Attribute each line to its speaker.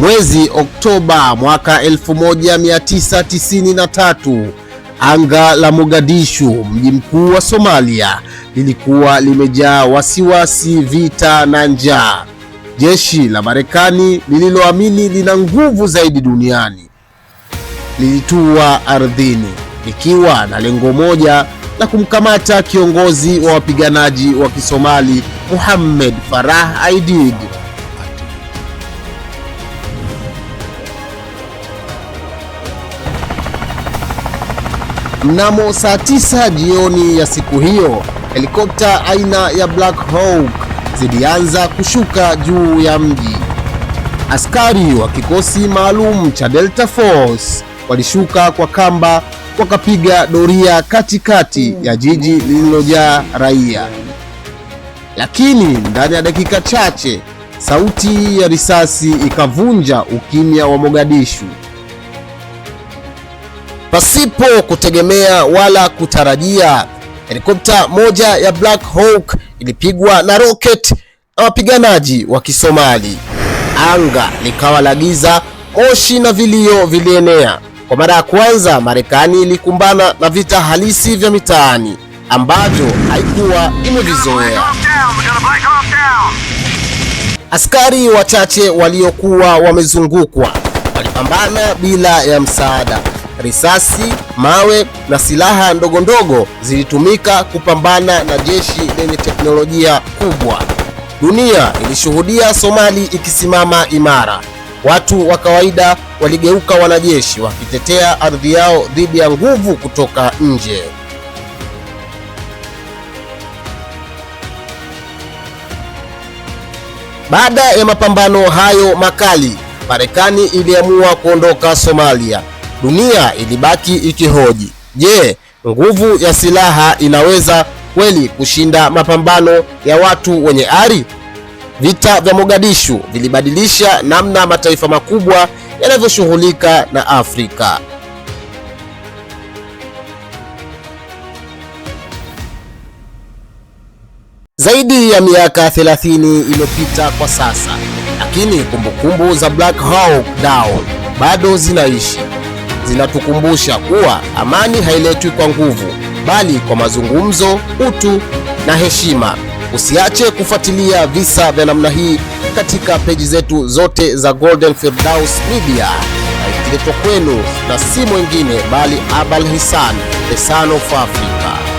Speaker 1: Mwezi Oktoba mwaka 1993 anga la Mogadishu, mji mkuu wa Somalia, lilikuwa limejaa wasiwasi, vita na njaa. Jeshi la Marekani lililoamini lina nguvu zaidi duniani lilitua ardhini likiwa na lengo moja la kumkamata kiongozi wa wapiganaji wa Kisomali Muhammad Farah Aidid. Mnamo saa tisa jioni ya siku hiyo, helikopta aina ya Black Hawk zilianza kushuka juu ya mji. Askari wa kikosi maalum cha Delta Force walishuka kwa kamba, wakapiga doria katikati ya jiji lililojaa raia. Lakini ndani ya dakika chache sauti ya risasi ikavunja ukimya wa Mogadishu pasipo kutegemea wala kutarajia. Helikopta moja ya Black Hawk ilipigwa na rocket na wapiganaji wa Kisomali. Anga likawa la giza, moshi na vilio vilienea. Kwa mara ya kwanza, Marekani ilikumbana na vita halisi vya mitaani ambavyo haikuwa imevizoea. Askari wachache waliokuwa wamezungukwa walipambana bila ya msaada risasi, mawe na silaha ndogo ndogo zilitumika kupambana na jeshi lenye teknolojia kubwa. Dunia ilishuhudia Somali ikisimama imara. Watu wa kawaida waligeuka wanajeshi, wakitetea ardhi yao dhidi ya nguvu kutoka nje. Baada ya mapambano hayo makali, Marekani iliamua kuondoka Somalia dunia ilibaki ikihoji, je, nguvu ya silaha inaweza kweli kushinda mapambano ya watu wenye ari? Vita vya Mogadishu vilibadilisha namna mataifa makubwa yanavyoshughulika na Afrika. Zaidi ya miaka 30 imepita kwa sasa, lakini kumbukumbu za Black Hawk Down bado zinaishi zinatukumbusha kuwa amani hailetwi kwa nguvu, bali kwa mazungumzo, utu na heshima. Usiache kufuatilia visa vya namna hii katika peji zetu zote za Golden Firdaus Media, ikiletwa kwenu na si mwingine bali Abal Hisan the son Africa.